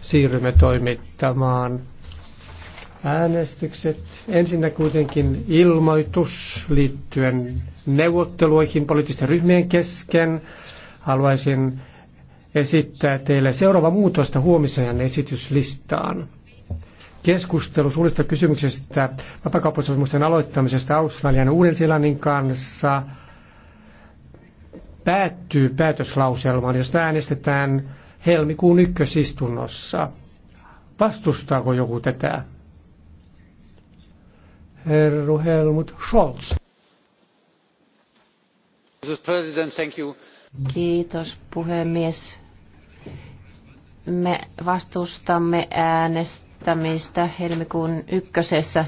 siirrymme toimittamaan äänestykset. Ensinnä kuitenkin ilmoitus liittyen neuvotteluihin poliittisten ryhmien kesken. Haluaisin esittää teille seuraava muutosta huomisen esityslistaan. Keskustelu suurista kysymyksestä vapakauppasopimusten aloittamisesta Australian ja Uuden-Seelannin kanssa päättyy päätöslauselmaan, josta äänestetään helmikuun ykkösistunnossa. Vastustaako joku tätä? Herru Helmut Scholz. Kiitos puhemies. Me vastustamme äänestämistä helmikuun ykkösessä.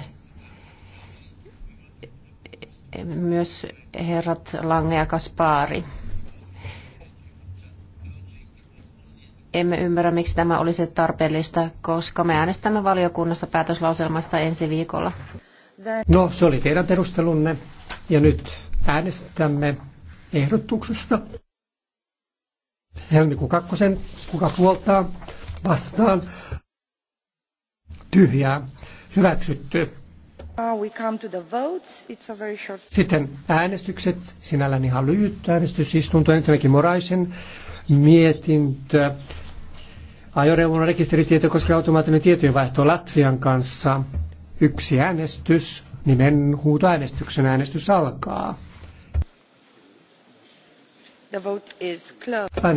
Myös herrat Lange ja Kaspari. emme ymmärrä, miksi tämä olisi tarpeellista, koska me äänestämme valiokunnassa päätöslauselmasta ensi viikolla. No, se oli teidän perustelunne. Ja nyt äänestämme ehdotuksesta. Helmikuun kakkosen, kuka puoltaa, vastaan, tyhjää, hyväksytty. Uh, Sitten äänestykset, sinällään ihan lyhyt äänestysistunto. Ensinnäkin Moraisen mietintö Ajoneuvon rekisteritieto koskee automaattinen tietojenvaihto Latvian kanssa. Yksi äänestys, nimen huutoäänestyksen äänestys alkaa. The vote is closed.